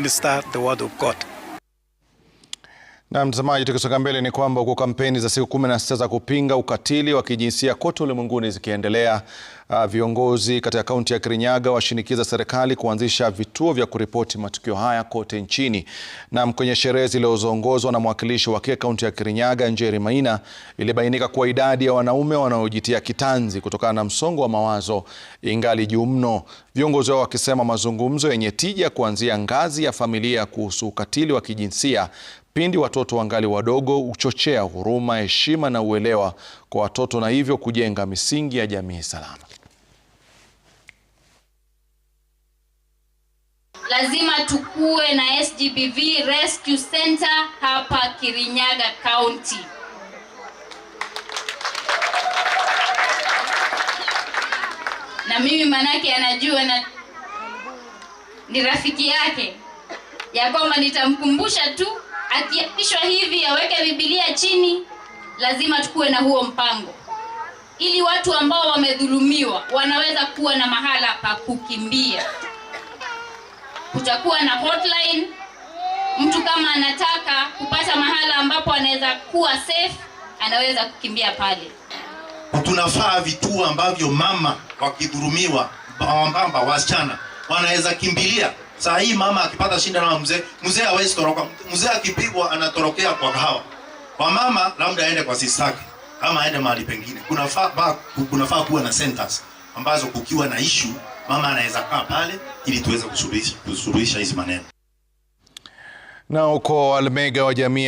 minister the word of God. Na mtazamaji, tukisonga mbele ni kwamba huku kampeni za siku sita za kupinga ukatili wa kijinsia kote ulimwenguni zikiendelea, uh, viongozi katika kaunti ya Kirinyaga washinikiza serikali kuanzisha vituo vya kuripoti matukio haya kote nchini. Na kwenye sherehe zilizoongozwa na mwakilishi wa kike kaunti ya Kirinyaga, Njeri Maina, ilibainika kuwa idadi ya wanaume wanaojitia kitanzi kutokana na msongo wa mawazo ingali juu mno, viongozi wao wakisema mazungumzo yenye tija kuanzia ngazi ya familia kuhusu ukatili wa kijinsia Pindi watoto wangali wadogo huchochea huruma, heshima na uelewa kwa watoto na hivyo kujenga misingi ya jamii salama. Lazima tukue na SGBV Rescue Center hapa Kirinyaga County. Na mimi manake anajua na ni rafiki yake ya kwamba nitamkumbusha tu akiapishwa hivi aweke Biblia chini, lazima tukuwe na huo mpango, ili watu ambao wamedhulumiwa wanaweza kuwa na mahala pa kukimbia. Kutakuwa na hotline, mtu kama anataka kupata mahala ambapo anaweza kuwa safe, anaweza kukimbia pale. Tunafaa vituo ambavyo mama wakidhulumiwa, wambamba, wasichana wanaweza kimbilia. Saa hii mama akipata shida na mzee, mzee hawezi toroka. Mzee akipigwa anatorokea kwa kahawa. Kwa mama labda aende kwa sisaki ama aende mahali pengine. Kunafaa kuna faa kuwa na centers ambazo kukiwa na issue mama anaweza kaa pale ili tuweze kusuluhisha hizi maneno. Na uko Almega wa jamii